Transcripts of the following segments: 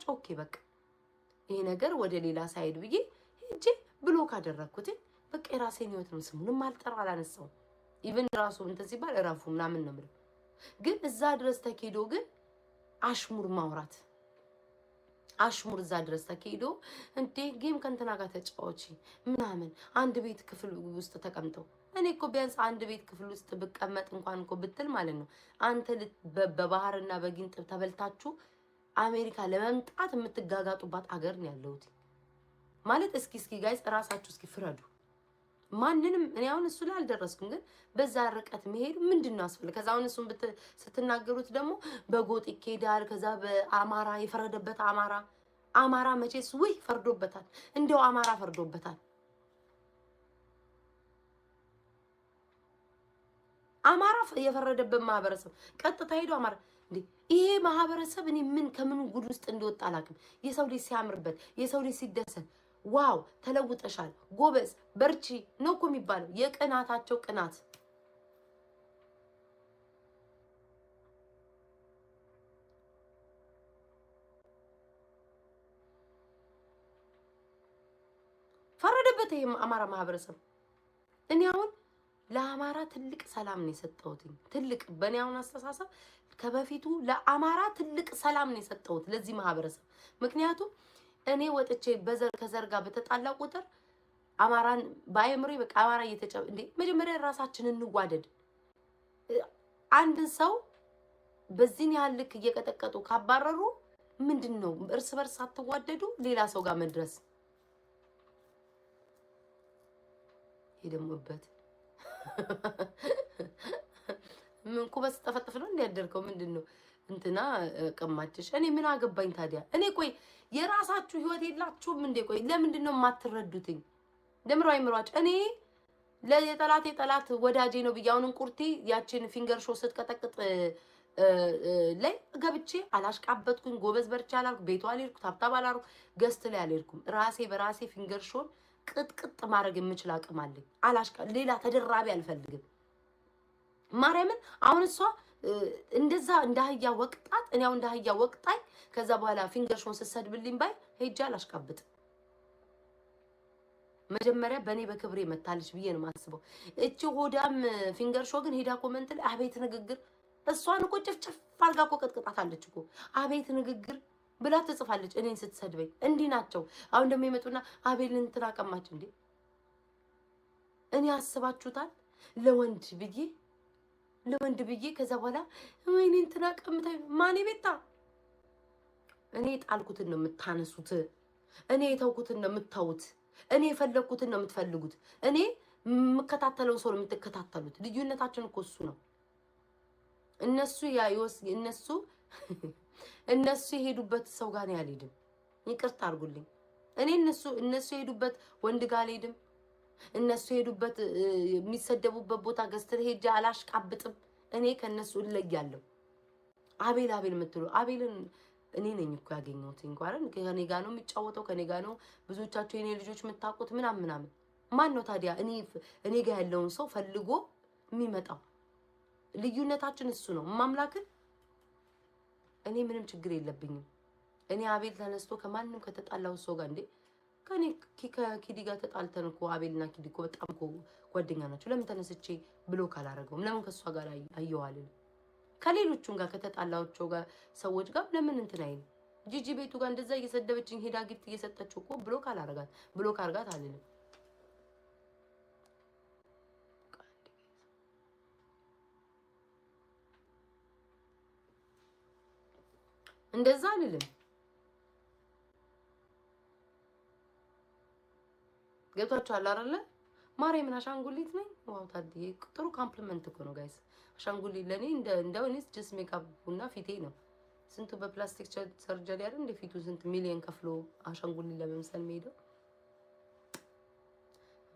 አማራጭ ኦኬ በቃ ይሄ ነገር ወደ ሌላ ሳይድ ብዬ ሄጄ ብሎክ አደረግኩትኝ። በቃ የራሴን ህይወት ነው። ስሙንም አልጠራ አላነሳውም። ኢቨን ራሱ እንትን ሲባል እረፉ ምናምን ነው የምለው። ግን እዛ ድረስ ተኬዶ ግን አሽሙር ማውራት አሽሙር እዛ ድረስ ተኬዶ እንዴ ጌም ከእንትና ጋር ተጫዋች ምናምን አንድ ቤት ክፍል ውስጥ ተቀምጠው እኔ እኮ ቢያንስ አንድ ቤት ክፍል ውስጥ ብቀመጥ እንኳን እኮ ብትል ማለት ነው አንተ በባህርና በጊንጥ ተበልታችሁ አሜሪካ ለመምጣት የምትጋጋጡባት አገር ነው ያለሁት። ማለት እስኪ እስኪ ጋይስ እራሳችሁ እስኪ ፍረዱ። ማንንም እኔ አሁን እሱ ላይ አልደረስኩም፣ ግን በዛ ርቀት መሄዱ ምንድን ነው አስፈል ከዛ አሁን እሱን ስትናገሩት ደግሞ በጎጥ ይኬዳል። ከዛ በአማራ የፈረደበት አማራ አማራ መቼስ ውይ ፈርዶበታል፣ እንደው አማራ ፈርዶበታል። አማራ የፈረደበት ማህበረሰብ ቀጥታ ሄዶ አማራ ይሄ ማህበረሰብ እኔ ምን ከምን ጉድ ውስጥ እንደወጣ አላውቅም። የሰው ልጅ ሲያምርበት፣ የሰው ልጅ ሲደሰት፣ ዋው ተለውጠሻል፣ ጎበዝ፣ በርቺ ነው እኮ የሚባለው። የቅናታቸው ቅናት ፈረደበት። ይሄ አማራ ማህበረሰብ እኔ አሁን ለአማራ ትልቅ ሰላም ነው የሰጠሁትኝ። ትልቅ በእኔ አሁን አስተሳሰብ ከበፊቱ ለአማራ ትልቅ ሰላም ነው የሰጠሁት ለዚህ ማህበረሰብ። ምክንያቱም እኔ ወጥቼ በዘር ከዘር ጋር በተጣላ ቁጥር አማራን በአእምሮ በቃ አማራ እየተጨ እንዴ መጀመሪያ ራሳችን እንዋደድ። አንድን ሰው በዚህን ያህል ልክ እየቀጠቀጡ ካባረሩ ምንድን ነው እርስ በርስ ሳትዋደዱ ሌላ ሰው ጋር መድረስ የደሞበት ምን ኩበት ስጠፈጥፍ ነው እንዲያደርገው ምንድን ነው እንትና ቀማችሽ። እኔ ምን አገባኝ ታዲያ? እኔ ቆይ የራሳችሁ ህይወት የላችሁም እንዴ? ቆይ ለምንድን ነው የማትረዱትኝ? ደምሮ አይምሯችሁ። እኔ ለየጠላት የጠላት ወዳጄ ነው ብዬ አሁን ቁርቲ ያችን ፊንገር ሾ ስትቀጠቅጥ ላይ ገብቼ አላሽቃበጥኩኝ። ጎበዝ በርቻ አላልኩ፣ ቤቷ አልሄድኩ፣ ታብታብ አላልኩ፣ ገስት ላይ አልሄድኩም። ራሴ በራሴ ፊንገር ሾን ቅጥቅጥ ማድረግ የምችል አቅም አለኝ። አላሽቃ ሌላ ተደራቢ አልፈልግም። ማርያምን አሁን እሷ እንደዛ እንዳህያ አህያ ወቅጣት፣ እኔ አሁን እንዳህያ ወቅጣኝ። ከዛ በኋላ ፊንገርሽን ስትሰድብልኝ ባይ ሄጃ አላሽቃብጥም። መጀመሪያ በእኔ በክብሬ መታለች ብዬ ነው የማስበው። እቺ ሆዳም ፊንገርሾ ግን ሄዳ ኮመንት ላይ አቤት ንግግር እሷን እኮ ጭፍጭፍ አድርጋ እኮ ቀጥቅጣታለች እኮ አቤት ንግግር ብላ ትጽፋለች። እኔን ስትሰድበኝ እንዲህ ናቸው። አሁን ደግሞ ይመጡና አቤልን እንትን አቀማች እንዴ! እኔ አስባችሁታል? ለወንድ ብዬ ለወንድ ብዬ ከዛ በኋላ ወይኔ እንትን አቀምታ ማኔ ቤታ እኔ ጣልኩትን ነው የምታነሱት። እኔ የተውኩትን ነው የምታውት። እኔ የፈለግኩትን ነው የምትፈልጉት። እኔ የምከታተለውን ሰው ነው የምትከታተሉት። ልዩነታችን እኮ እሱ ነው። እነሱ ያዩስ እነሱ እነሱ የሄዱበት ሰው ጋር ነው ያልሄድም። ይቅርታ አድርጉልኝ። እኔ እነሱ እነሱ የሄዱበት ወንድ ጋር አልሄድም። እነሱ የሄዱበት የሚሰደቡበት ቦታ ገዝተህ ሄጄ አላሽቃብጥም። እኔ ከእነሱ እለያለሁ። አቤል አቤል የምትሉ አቤልን እኔ ነኝ እኮ ያገኘሁት እንኳን ከኔ ጋር ነው የሚጫወተው፣ ከኔ ጋር ነው ብዙዎቻቸው የኔ ልጆች የምታውቁት ምናምን ምናምን። ማን ነው ታዲያ እኔ እኔ ጋር ያለውን ሰው ፈልጎ የሚመጣው? ልዩነታችን እሱ ነው። ማምላክን እኔ ምንም ችግር የለብኝም። እኔ አቤል ተነስቶ ከማንም ከተጣላው ሰው ጋር እንዴ ከኔ ከኪዲ ጋር ተጣልተን እኮ አቤልና ኪዲ እኮ በጣም እኮ ጓደኛ ናቸው። ለምን ተነስቼ ብሎ ካላረገውም ለምን ከእሷ ጋር አየዋልን? ከሌሎቹም ጋር ከተጣላቸው ጋር ሰዎች ጋር ለምን እንትን አይልም? ጂጂ ቤቱ ጋር እንደዛ እየሰደበችኝ ሄዳ ጊፍት እየሰጠችው እኮ ብሎ ካላረጋት ብሎ ካርጋት አልልም። እንደዛ አልልም። ገብቷችኋል አይደለ? ማርያም ምን አሻንጉሊት ነኝ? ዋው ታድዬ ጥሩ ካምፕሊመንት እኮ ነው ጋይስ። አሻንጉሊት ለኔ እንደ እንደው እኔስ ጀስት ሜካፕ እና ፊቴ ነው። ስንቱ በፕላስቲክ ሰርጀሪ አይደል እንደ ፊቱ ስንት ሚሊዮን ከፍሎ አሻንጉሊት ለመምሰል መሄደው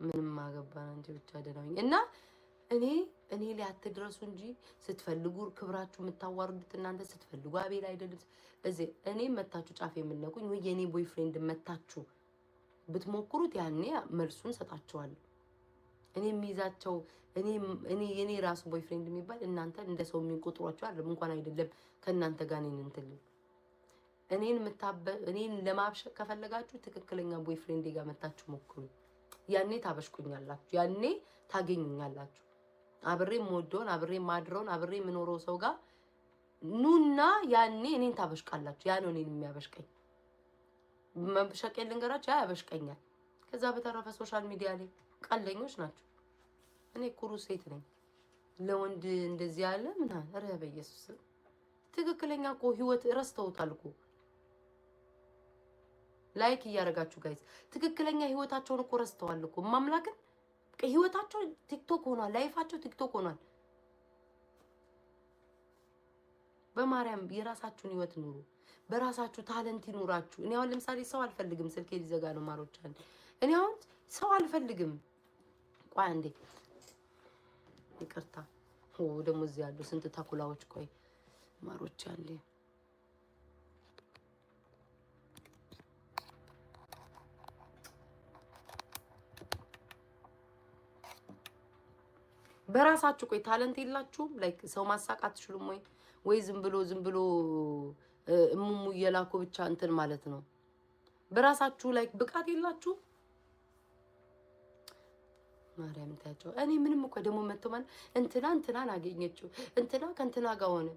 ምንም አገባን አንቺ ብቻ ደህና ሁኝ እና እኔ እኔ ላይ አትድረሱ እንጂ ስትፈልጉ ክብራችሁ የምታዋርዱት እናንተ ስትፈልጉ አቤል አይደለም። እዚህ እኔ መታችሁ ጫፍ የምነቁኝ ወይ የእኔ ቦይፍሬንድ መታችሁ ብትሞክሩት ያኔ መልሱን ሰጣችኋለሁ። እኔ የሚይዛቸው እኔ የኔ ራሱ ቦይፍሬንድ የሚባል እናንተ እንደ ሰው የሚቆጥሯቸው አይደለም። እንኳን አይደለም ከእናንተ ጋር እኔን እንትን እኔን እኔን ለማብሸቅ ከፈለጋችሁ ትክክለኛ ቦይፍሬንድ ጋር መታችሁ ሞክሩ። ያኔ ታበሽኩኛላችሁ፣ ያኔ ታገኙኛላችሁ። አብሬ የምወደውን አብሬ የማድረውን አብሬ የምኖረው ሰው ጋር ኑና ያኔ እኔን ታበሽቃላችሁ። ያ ነው እኔን የሚያበሽቀኝ። መብሸቅ ልንገራችሁ፣ ያ ያበሽቀኛል። ከዛ በተረፈ ሶሻል ሚዲያ ላይ ቀለኞች ናቸው። እኔ ኩሩ ሴት ነኝ። ለወንድ እንደዚህ ያለ ምናምን ኧረ በኢየሱስ ትክክለኛ እኮ ህይወት ረስተውታል እኮ ላይክ እያደረጋችሁ ጋይዝ ትክክለኛ ህይወታቸውን እኮ ረስተዋል እኮ ማምላክን ህይወታቸው ቲክቶክ ሆኗል። ላይፋቸው ቲክቶክ ሆኗል። በማርያም የራሳችሁን ህይወት ኑሩ። በራሳችሁ ታለንት ይኑራችሁ። እኔ አሁን ለምሳሌ ሰው አልፈልግም። ስልኬ ሊዘጋ ነው። ማሮች እኔ አሁን ሰው አልፈልግም። ቆይ አንዴ ይቅርታ። ደግሞ እዚህ ያሉ ስንት ተኩላዎች። ቆይ ማሮች አንዴ በራሳችሁ ቆይ ታለንት የላችሁም? ላይክ ሰው ማሳቃት ትችሉም ወይ ወይ ዝም ብሎ ዝም ብሎ እሙሙ እየላኩ ብቻ እንትን ማለት ነው። በራሳችሁ ላይክ ብቃት የላችሁ? ማርያም ታያቸው። እኔ ምንም እኮ ደግሞ መጥቶ ማለት እንትና እንትናን አገኘችው እንትና ከእንትና ጋር ሆነ።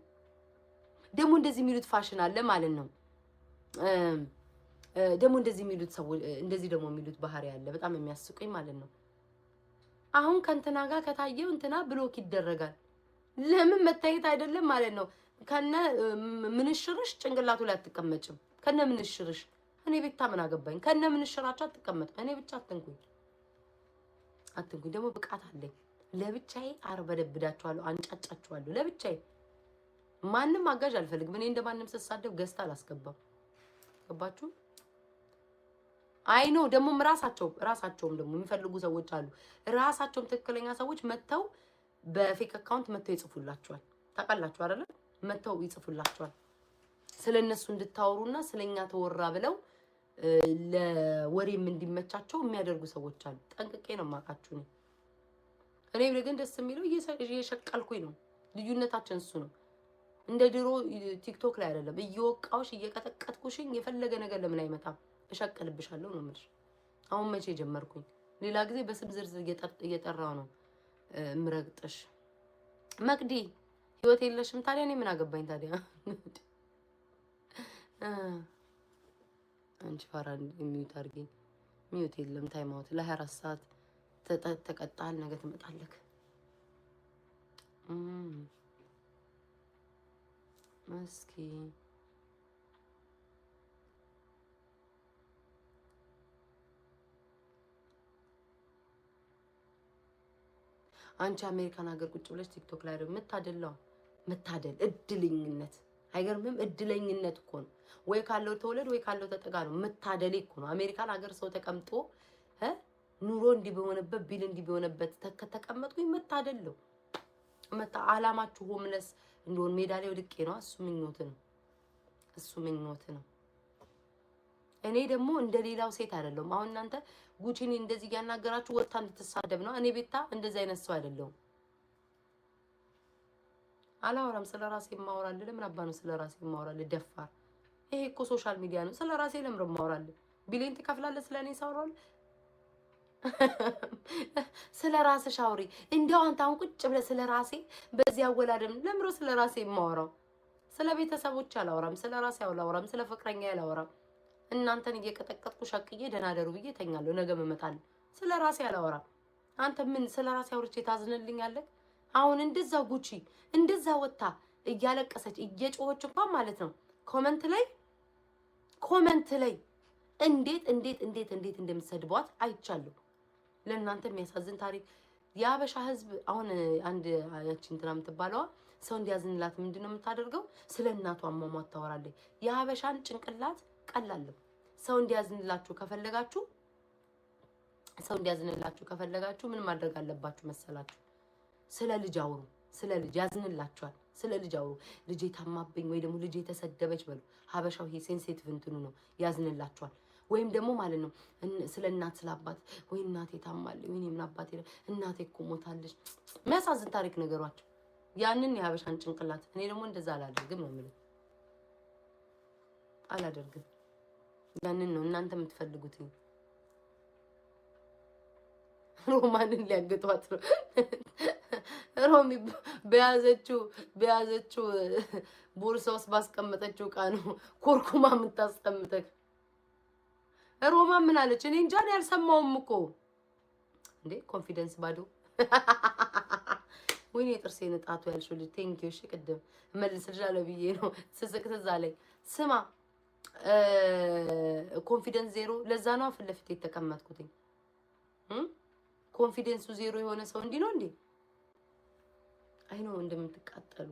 ደግሞ እንደዚህ የሚሉት ፋሽን አለ ማለት ነው። ደግሞ እንደዚህ የሚሉት ሰው እንደዚህ ደግሞ የሚሉት ባህሪ አለ። በጣም የሚያስቁኝ ማለት ነው። አሁን ከእንትና ጋር ከታየው እንትና ብሎክ ይደረጋል። ለምን መታየት አይደለም ማለት ነው። ከነ ምንሽርሽ ጭንቅላቱ ላይ አትቀመጭም። ከነ ምንሽርሽ እኔ ቤታ ምን አገባኝ? ከነ ምንሽራቸው አትቀመጥም። እኔ ብቻ አትንኩኝ፣ አትንኩኝ። ደግሞ ብቃት አለኝ። ለብቻዬ አርበደብዳችኋለሁ፣ አንጫጫችኋለሁ። ለብቻዬ ማንም አጋዥ አልፈልግም። እኔ እንደማንም ስሳደብ ገዝታ አላስገባም። ገባችሁ? አይኖ ደግሞም ራሳቸው ራሳቸውም ደግሞ የሚፈልጉ ሰዎች አሉ። ራሳቸውም ትክክለኛ ሰዎች መጥተው በፌክ አካውንት መጥተው ይጽፉላቸዋል። ታውቃላችሁ አይደለ? መጥተው ይጽፉላቸዋል ስለ እነሱ እንድታወሩና ስለኛ ተወራ ብለው ለወሬም እንዲመቻቸው የሚያደርጉ ሰዎች አሉ። ጠንቅቄ ነው የማውቃችሁ እኔ። እኔ ግን ደስ የሚለው እየሸቀልኩኝ ነው። ልዩነታችን እሱ ነው። እንደ ድሮ ቲክቶክ ላይ አይደለም እየወቃውሽ እየቀጠቀጥኩሽኝ የፈለገ ነገር ለምን አይመጣም? እሸቅልብሻለሁ ነው የምልሽ። አሁን መቼ ጀመርኩኝ? ሌላ ጊዜ በስም ዝርዝር እየጠራው ነው ምረግጥሽ። መቅዲ ህይወት የለሽም ታዲያ። እኔ ምን አገባኝ ታዲያ? አንቺ ፋራ ሚዩት አድርጊኝ። ሚዩት የለም አውት ለ24 ሰዓት ተቀጣል። ነገ ትመጣለክ። እስኪ አንቺ አሜሪካን ሀገር ቁጭ ብለሽ ቲክቶክ ላይ ደግሞ የምታደላው መታደል እድለኝነት አይገርምም? እድለኝነት እኮ ነው። ወይ ካለው ተወለድ ወይ ካለው ተጠጋ ነው። መታደሌ እኮ ነው። አሜሪካን ሀገር ሰው ተቀምጦ ኑሮ እንዲህ በሆነበት ቢል እንዲህ በሆነበት ከተቀመጥኩኝ መታደል መታ አላማችሁ ሆምለስ እንደሆን ሜዳ ላይ ወድቄ ነው። እሱ ምኞት ነው። እሱ ምኞት ነው። እኔ ደግሞ እንደ ሌላው ሴት አይደለሁም። አሁን እናንተ ጉቺን እንደዚህ እያናገራችሁ ወጥታ እንድትሳደብ ነው። እኔ ቤታ እንደዚህ አይነት ሰው አይደለሁም። አላወራም። ስለ ራሴ የማወራል ለምን አባ ነው ስለ ራሴ የማወራል? ደፋር። ይሄ እኮ ሶሻል ሚዲያ ነው። ስለ ራሴ ለምን የማወራል? ቢሊዮን ትከፍላለህ። ስለ እኔ ሳውራል። ስለ ራስሽ አውሪ። እንደው አንተ አሁን ቁጭ ብለህ ስለ ራሴ በዚህ አወላደም ለምሮ ስለ ራሴ የማወራው ስለ ቤተሰቦች አላወራም። ስለ ራሴ አላወራም። ስለ ፍቅረኛ አላወራም። እናንተን እየቀጠቀጥኩ ሸቅዬ ደህና ደሩ ብዬ ተኛለሁ። ነገ መመጣለሁ። ስለ ራሴ አላወራ። አንተ ምን ስለ ራሴ አውርቼ ታዝንልኛለህ? አሁን እንደዛ ጉቺ እንደዛ ወጥታ እያለቀሰች እየጮኸች እንኳን ማለት ነው ኮመንት ላይ ኮመንት ላይ እንዴት እንዴት እንዴት እንዴት እንደምትሰድቧት አይቻለሁ። ለእናንተ የሚያሳዝን ታሪክ የአበሻ ህዝብ አሁን አንድ ያችን እንትና የምትባለዋ ሰው እንዲያዝንላት ምንድን ነው የምታደርገው? ስለ እናቷ አሟሟት ታወራለች። የአበሻን ጭንቅላት ቀላለሁ። ሰው እንዲያዝንላችሁ ከፈለጋችሁ ሰው እንዲያዝንላችሁ ከፈለጋችሁ ምን ማድረግ አለባችሁ መሰላችሁ? ስለ ልጅ አውሩ። ስለ ልጅ ያዝንላችኋል። ስለ ልጅ አውሩ። ልጄ ታማብኝ ወይ ደግሞ ልጄ ተሰደበች በሉ። ሀበሻው ይሄ ሴንሴቲቭ እንትኑ ነው፣ ያዝንላችኋል። ወይም ደግሞ ማለት ነው ስለ እናት ስለ አባት ወይ እናቴ ታማለች ወይ ምን አባቴ እናቴ እኮ ሞታለች፣ የሚያሳዝን ታሪክ ነገሯቸው። ያንን የሀበሻን ጭንቅላት እኔ ደግሞ እንደዛ አላደርግም ነው የምልህ፣ አላደርግም ያንን ነው እናንተ የምትፈልጉት። ሮማንን ሊያገጧት ነው። ሮሚ በያዘችው በያዘችው ቦርሳ ውስጥ ባስቀመጠችው ዕቃ ነው ኮርኩማ የምታስቀምጠ። ሮማ ምን አለች? እኔ እንጃ ያልሰማውም እኮ እንዴ! ኮንፊደንስ ባዶ ወይኔ የጥርሴ ንጣቱ ያልሽው ልጅ ቴንኪው። እሺ ቅድም መልስልሻለሁ ብዬ ነው ስስቅ ትዝ አለኝ። ስማ ኮንፊደንስ ዜሮ። ለዛ ነው ፊት ለፊት የተቀመጥኩትኝ። ኮንፊደንሱ ዜሮ የሆነ ሰው እንዲህ ነው እንዴ? አይ እንደምትቃጠሉ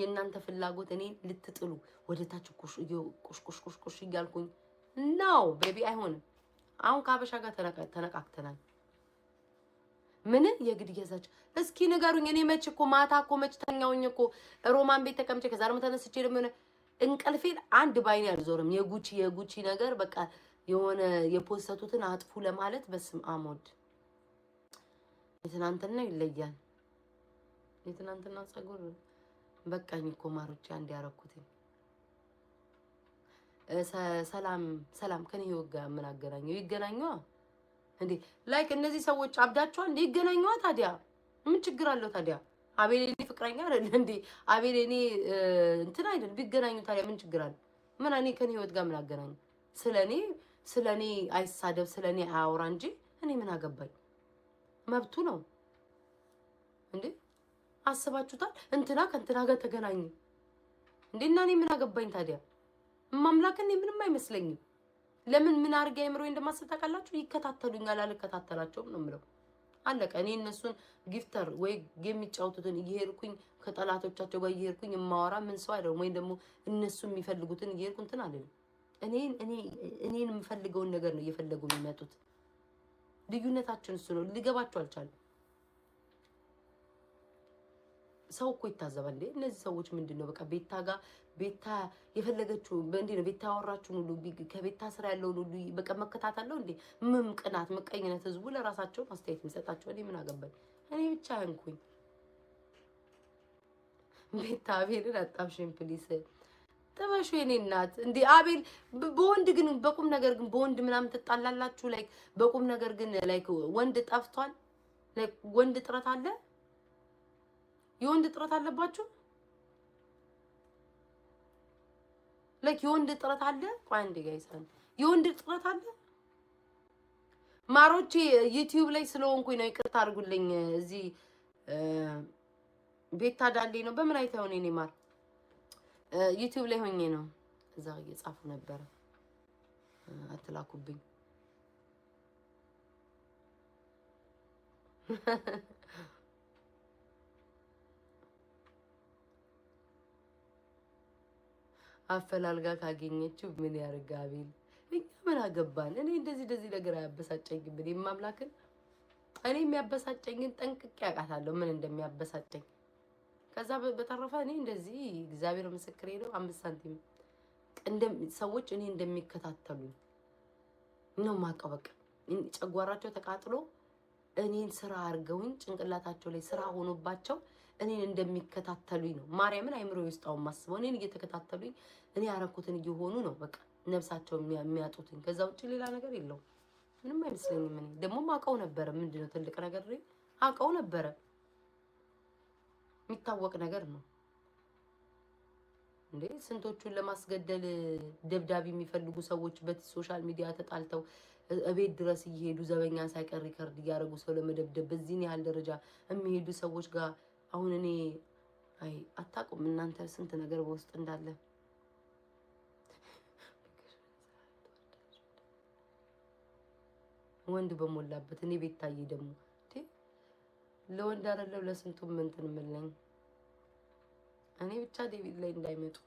የእናንተ ፍላጎት እኔ ልትጥሉ ወደ ታች ቁሽቁሽቁሽቁሽ እያልኩኝ ነው። ቤቢ አይሆንም። አሁን ከአበሻ ጋር ተነቃቅተናል። ምን የግድ እያዛቸው እስኪ ንገሩኝ። እኔ መች እኮ ማታ እኮ መች ተኛውኝ እኮ ሮማን ቤት ተቀምጬ ከዛ ደግሞ ተነስቼ ደግሞ እንቅልፌን አንድ ባይኔ አልዞርም። የጉቺ የጉቺ ነገር በቃ የሆነ የፖስተቱትን አጥፉ ለማለት በስም አሞድ የትናንትና ይለያል። የትናንትና ጸጉር በቃኝ እኮ ማሮቼ፣ አንድ ያረኩት ሰላም ሰላም ከኔ ህይወት ጋር ምን አገናኘው? ይገናኘዋ እንዴ! ላይክ እነዚህ ሰዎች አብዳቸዋል እንዴ? ይገናኘዋ ታዲያ ምን ችግር አለው ታዲያ? አቤል የኔ ፍቅረኛ አይደል እንዴ? አቤል የኔ እንትን አይደል? ቢገናኙ ታዲያ ምን ችግር አለ? ምን እኔ ከኔ ህይወት ጋር ምን አገናኙ? ስለኔ ስለኔ አይሳደብ፣ ስለኔ አያወራ እንጂ እኔ ምን አገባኝ? መብቱ ነው እንዴ? አስባችሁታል? እንትና ከእንትና ጋር ተገናኙ እንዴ? እና እኔ ምን አገባኝ ታዲያ? ማምላክ እኔ ምንም አይመስለኝም። ለምን ምን አድርጌ አይምሮዬ እንደማስተካከላችሁ ይከታተሉኛል፣ አልከታተላቸውም ነው የምለው አለቀ። እኔ እነሱን ጊፍተር ወይ የሚጫወቱትን እየሄድኩኝ ከጠላቶቻቸው ጋር እየሄድኩኝ የማወራ ምን ሰው አይደለም። ወይም ደግሞ እነሱ የሚፈልጉትን እየሄድኩ እንትን አለኝ። እኔን የምፈልገውን ነገር ነው እየፈለጉ የሚመጡት። ልዩነታችን እሱ ነው። ሊገባቸው አልቻለም። ሰው እኮ ይታዘባል። እንዴ እነዚህ ሰዎች ምንድን ነው በቃ ቤታ ጋ ቤታ የፈለገችው እንዴ ነው ቤታ ያወራችሁን ሁሉ ከቤታ ስራ ያለውን ሁሉ በቃ መከታተል ነው እንዴ ምም ቅናት፣ ምቀኝነት ህዝቡ ለራሳቸው አስተያየት የሚሰጣቸው እኔ ምን አገባኝ? እኔ ብቻ ያንኩኝ። ቤታ አቤልን አጣብሽን ፕሊስ ጥበሹ የኔ እናት እንዴ አቤል በወንድ ግን በቁም ነገር ግን በወንድ ምናምን ትጣላላችሁ? ላይክ በቁም ነገር ግን ላይክ ወንድ ጠፍቷል? ላይክ ወንድ ጥረት አለ የወንድ ጥረት አለባችሁ። ለክ የወንድ ጥረት አለ። ቆይ አንዴ የወንድ ጥረት አለ። ማሮቼ ዩቲዩብ ላይ ስለሆንኩኝ ነው፣ ይቅርታ አድርጉልኝ። እዚህ ቤታ ዳሌ ነው። በምን አይታ ሆኔ እኔ ማር ዩቲዩብ ላይ ሆኜ ነው፣ እዛ እየጻፉ ነበረ። አትላኩብኝ አፈላልጋ ካገኘችው ምን ያርጋ አቤል፣ እኛ ምን አገባን? እኔ እንደዚህ እንደዚህ ነገር አያበሳጨኝም። እኔ ማምላክን እኔ የሚያበሳጨኝን ጠንቅቄ አውቃታለሁ፣ ምን እንደሚያበሳጨኝ። ከዛ በተረፈ እኔ እንደዚህ እግዚአብሔር ምስክሬ ነው፣ አምስት ሳንቲም ሰዎች እኔ እንደሚከታተሉኝ ነው ማቀበቅ ጨጓራቸው ተቃጥሎ እኔን ስራ አድርገውኝ ጭንቅላታቸው ላይ ስራ ሆኖባቸው እኔን እንደሚከታተሉኝ ነው። ማርያምን አይምሮ ውስጣውን ማስበው እኔን እየተከታተሉኝ እኔ ያረኩትን እየሆኑ ነው። በቃ ነብሳቸው የሚያጡትኝ ከዛ ውጭ ሌላ ነገር የለውም። ምንም አይመስለኝም። እኔ ደግሞ አውቀው ነበረ። ምንድነው ትልቅ ነገር አውቀው ነበረ። የሚታወቅ ነገር ነው እንዴ! ስንቶቹን ለማስገደል ደብዳቤ የሚፈልጉ ሰዎች በሶሻል ሚዲያ ተጣልተው እቤት ድረስ እየሄዱ ዘበኛ ሳይቀር ሪከርድ እያደረጉ ሰው ለመደብደብ በዚህን ያህል ደረጃ የሚሄዱ ሰዎች ጋር አሁን እኔ አይ አታውቁም እናንተ ስንት ነገር በውስጥ እንዳለ ወንድ በሞላበት እኔ ቤት ታዬ ደግሞ ለወንድ አይደለም ለስንቱም እንትን የምለኝ እኔ ብቻ ዴቪድ ላይ እንዳይመጡ